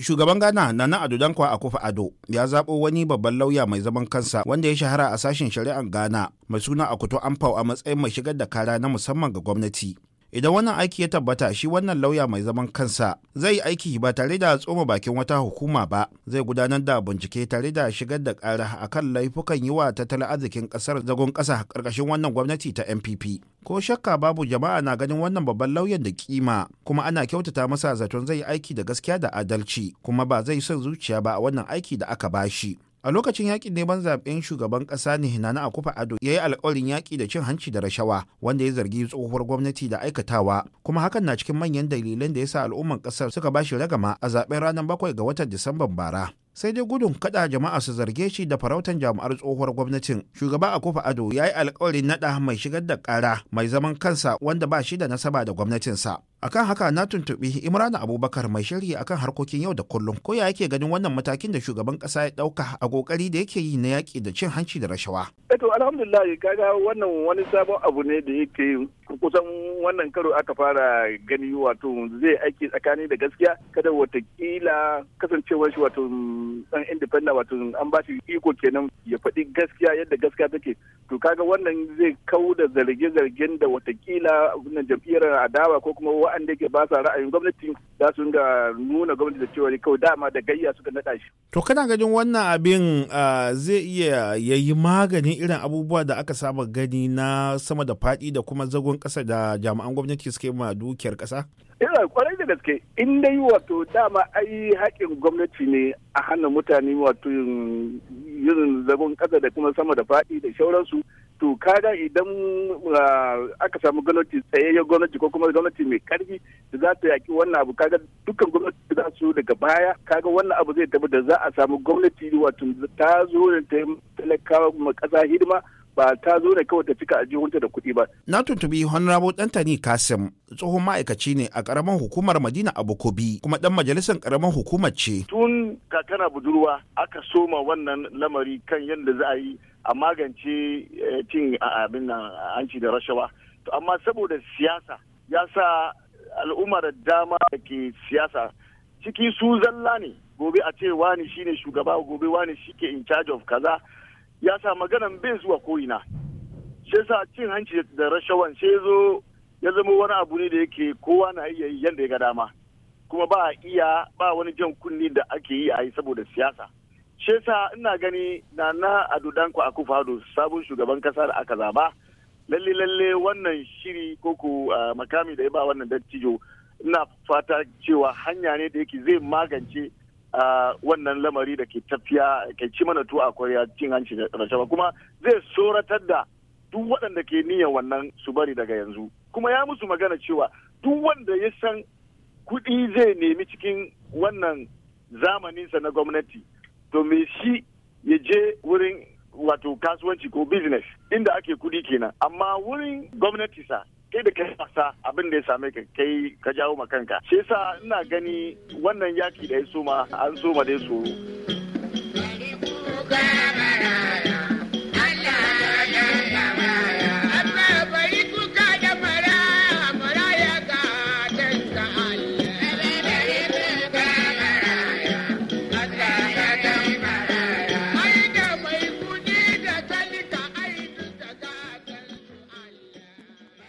Shugaban Ghana na Ado Dankwa a Akufo Ado ya zaɓo wani babban lauya mai zaman kansa wanda ya shahara a sashen shari'ar Ghana mai suna Akuto Amfau a matsayin mai shigar da kara na musamman ga gwamnati. idan wannan aiki ya tabbata shi wannan lauya mai zaman kansa zai yi aiki ba tare da tsoma bakin wata hukuma ba zai gudanar da bincike tare da shigar da kara kan laifukan yi wa tattalin arzikin ƙasar zagon kasa karkashin wannan gwamnati ta npp ko shakka babu jama'a na ganin wannan babban lauyan da kima kuma ana kyautata masa zaton zai yi aiki da gaskiya da adalci kuma ba zai son zuciya ba a wannan aiki da aka bashi a lokacin yakin neman zaben shugaban kasa ne na akufa ado ya yi alkawarin yaƙi da cin hanci da rashawa wanda ya zargi tsohuwar gwamnati da aikatawa kuma hakan na cikin manyan dalilan da ya sa al'umman kasar suka bashi ragama a zaben ranar bakwai ga watan disamban bara sai dai gudun kada jama'a su zarge shi da farautan jami'ar tsohuwar gwamnatin shugaba a akufa ado ya yi alkawarin naɗa mai shigar da ƙara mai zaman kansa wanda ba shi da nasaba da gwamnatinsa akan haka na tuntuɓi imrana abubakar mai shirya akan harkokin yau da kullum ko ya yake ganin wannan matakin da shugaban ƙasa ya ɗauka a ƙoƙari da yake yi na yaƙi da cin hanci da rashawa. eto eh alhamdulillah kaga wannan wani sabon abu ne da yake kusan wannan karo aka fara gani wato zai aiki tsakani da gaskiya kada watakila kasancewar shi wato ɗan independent wato an ba shi iko kenan ya faɗi gaskiya yadda gaskiya take to kaga wannan zai kau da zarge-zargen da watakila na jam'iyyar adawa ko kuma wa'anda ke ba sa ra'ayin gwamnati za su ga nuna gwamnati da cewa kawai dama da gayya suka naɗa shi. To kana ganin wannan abin zai iya yayi maganin irin abubuwa da aka saba gani na sama da faɗi da kuma zagon kasa da jami'an gwamnati suke ma dukiyar ƙasa? Ina eh, kwarai da gaske in dai wato dama ai haƙin gwamnati ne a hana mutane wato yin zagon kasa da kuma sama da faɗi da shauransu to kaga idan ah, aka samu gwamnati tsayayyen gwamnati ko kuma gwamnati mai karfi da za ta yaki wannan abu kaga dukkan gwamnati za su daga baya kaga wannan abu zai da za a samu gwamnati wato ta zo da ta talakawa kasa hidima ba ta zo ne kawai ta cika jihunta da kuɗi ba. Na tuntubi Honorable Dantani Kasim tsohon ma'aikaci ne a ƙaramar hukumar Madina Kobi kuma ɗan majalisar ƙaramar hukumar ce. Tun kakana budurwa aka soma wannan lamari kan yadda za a yi a magance eh, cin abin nan hanci da rashawa. To amma saboda siyasa ya sa al'ummar da dama da ke siyasa ciki su zalla ne gobe a ce wani shine shugaba gobe wani shi ke in charge of kaza ya sa maganan bai zuwa ko'ina sai sa cin hanci da rashawan sai zo ya zama wani abu ne da yake kowa na iya yi yadda ya ga dama kuma ba a iya ba wani jan kunni da ake yi a yi saboda siyasa shi yasa ina gani na na ku a kufado sabon shugaban kasa da aka zaba lalle lalle wannan shiri ko ku makami da ya ba wannan dattijo ina fata cewa hanya ne da yake zai magance wannan lamari da ke tafiya ke ci mana tuwa a kwarya cin hanci da rashawa kuma zai tsoratar da duk waɗanda ke niyyar wannan su bari daga yanzu kuma ya musu magana cewa duk wanda ya san kuɗi zai nemi cikin wannan zamaninsa na gwamnati to me shi ya je wurin wato kasuwanci ko business inda ake kuɗi kenan amma wurin gwamnati sa kai da kai wasa abin da ya same ka kai ka jawo ma kanka shi yasa ina gani wannan yaki da ya soma an soma dai su